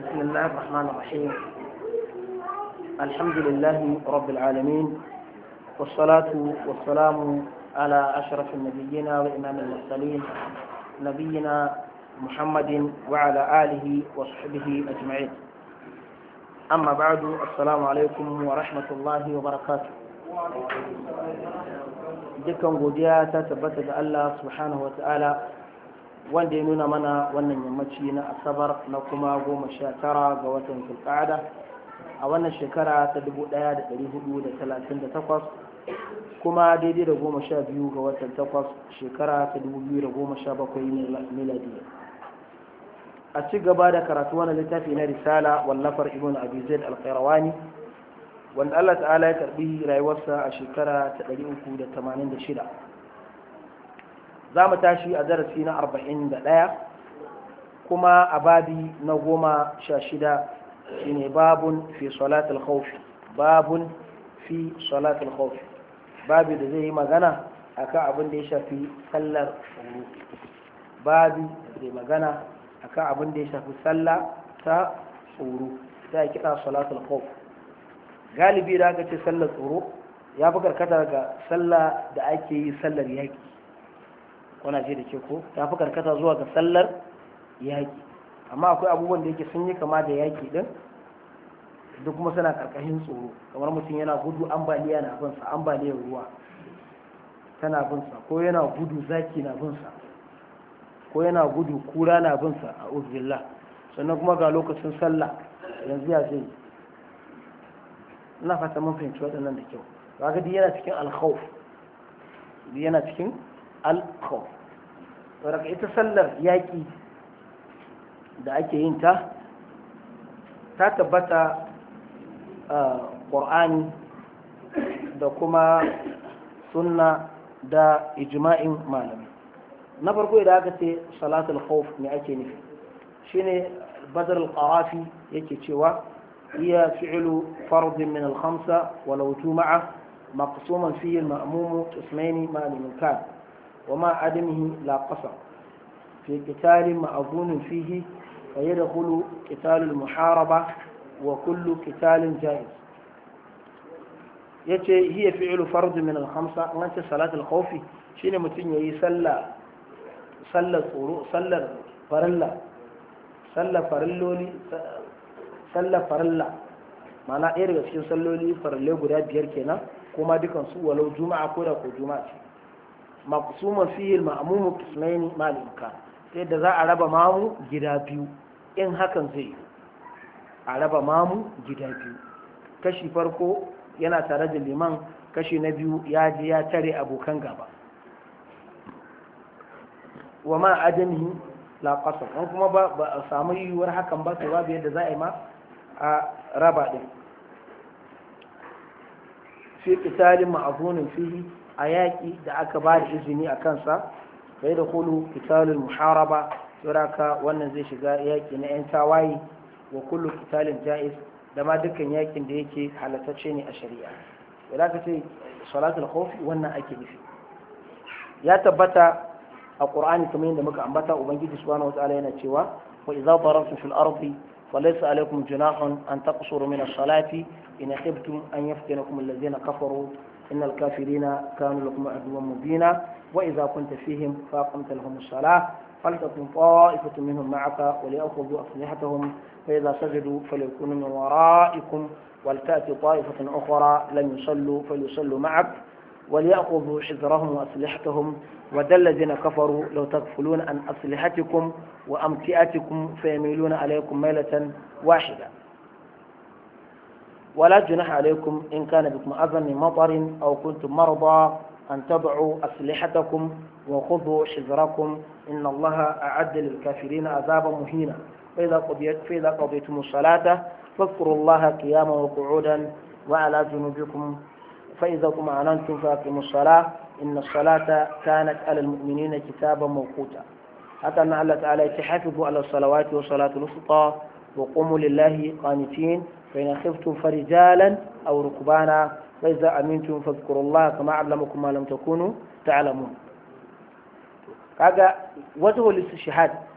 بسم الله الرحمن الرحيم الحمد لله رب العالمين والصلاة والسلام على أشرف النبيين وإمام المرسلين نبينا محمد وعلى آله وصحبه أجمعين أما بعد السلام عليكم ورحمة الله وبركاته جكم godiya تثبت الله سبحانه وتعالى wanda ya nuna mana wannan yammaci na asabar na kuma goma sha tara ga watan zulqa'ada a wannan shekara ta dubu ɗaya da ɗari hudu da talatin da takwas kuma daidai da goma sha biyu ga watan takwas shekara ta dubu biyu da goma sha bakwai miladiya a ci gaba da karatu wani littafi na risala wallafar ibn abizaid alkairawani wanda allah ta'ala ya karbi rayuwarsa a shekara ta ɗari uku da tamanin da shida za mu tashi a darasi na arba'in da ɗaya kuma a babi na goma sha shida shi ne babun fi salatul khawfi babun fi salatul khawfi babi da zai yi magana a kan abin da ya shafi sallar tsoro babi da zai magana a kan abin da ya shafi sallah ta tsoro ta kiɗa salatul haufi?' galibi da aka ce sallar tsoro ya fi karkata ga sallah da ake yi sallar yaki. wana ce da ke ko ta fi karkata zuwa ga sallar yaƙi amma akwai abubuwan da yake sun yi kama da yaƙi din duk kuma suna karkashin tsoro kamar mutum yana gudu ambaliya na binsa ambaliyar ruwa tana binsa ko yana gudu zaki na binsa ko yana gudu kura na binsa a uzbilla sannan kuma ga lokacin sallah yanzu ya zai ina fata mun fahimci waɗannan da kyau ba ga yana cikin alkhawf yana cikin alkof wadda ita sallar yaƙi da ake yin ta ta tabbata ƙor'ani da kuma sunna da Ijima'in malami na farko idan aka ce salatul khawf ne ake nufi shine badar al-qarafi yake cewa iya fi'lu fardin min al-khamsa walau juma'a maqsuman fihi al-ma'mum qismaini kan وما عدمه لا قصر في قتال مأذون فيه فيدخل قتال المحاربة وكل قتال جائز yace hiya fi'lu fard min al-khamsa an ce salat al-khawfi shine mutum yayi sallah sallar tsoro sallar farilla sallar farilloli sallar farilla ma'ana ɗaya daga cikin salloli farille guda biyar kenan kuma dukan su walau juma'a ko da ko juma'a ce maqsuman fihi al-ma'mum qismayn ma al-imkan sai da za a raba mamu gida biyu in hakan zai yi a raba mamu gida biyu kashi farko yana tare da liman kashi na biyu ya je ya tare abokan gaba wa ma adamihi la qasam an kuma ba ba a samu yiwuwar hakan ba sai babu yadda za a yi ma a raba din fi qitalin ma'zunin fihi a yaƙi da aka ba da izini a kansa bai da kulu kitalul muharaba saboda wannan zai shiga yaƙi na 'yan tawaye wa kullu kitalin ja'iz da ma dukkan yaƙin da yake halatacce ne a shari'a wadda ka ce salatul khawfi wannan ake nufi ya tabbata a ƙur'ani kamar yadda muka ambata ubangiji subhanahu wa yana cewa wa idza darabtum fil ardi فليس عليكم جناح أن تقصروا من الصلاة إن خفتم أن يفتنكم الذين كفروا إن الكافرين كانوا لكم عدوا مبينا وإذا كنت فيهم فأقمت لهم الصلاة فلتكن طائفة منهم معك وليأخذوا أسلحتهم فإذا سجدوا فليكونوا من ورائكم ولتأتي طائفة أخرى لم يصلوا فليصلوا معك وليأخذوا حذرهم وأسلحتهم ود الذين كفروا لو تغفلون عن أسلحتكم وأمتئتكم فيميلون عليكم ميلة واحدة ولا جناح عليكم إن كان بكم أذى من مطر أو كنتم مرضى أن تضعوا أسلحتكم وخذوا حذركم إن الله أعد للكافرين عذابا مهينا فإذا قضيت فإذا قضيتم الصلاة فاذكروا الله قياما وقعودا وعلى جنوبكم فإذا أعلنتم فأقيموا الصلاة إن الصلاة كانت على المؤمنين كتابا موقوتا حتى أن الله تعالى يتحفظوا على الصلوات والصلاة الوسطى وقوموا لله قانتين فإن خفتم فرجالا أو ركبانا فإذا أمنتم فاذكروا الله كما علمكم ما لم تكونوا تعلمون kaga wata walisu shahad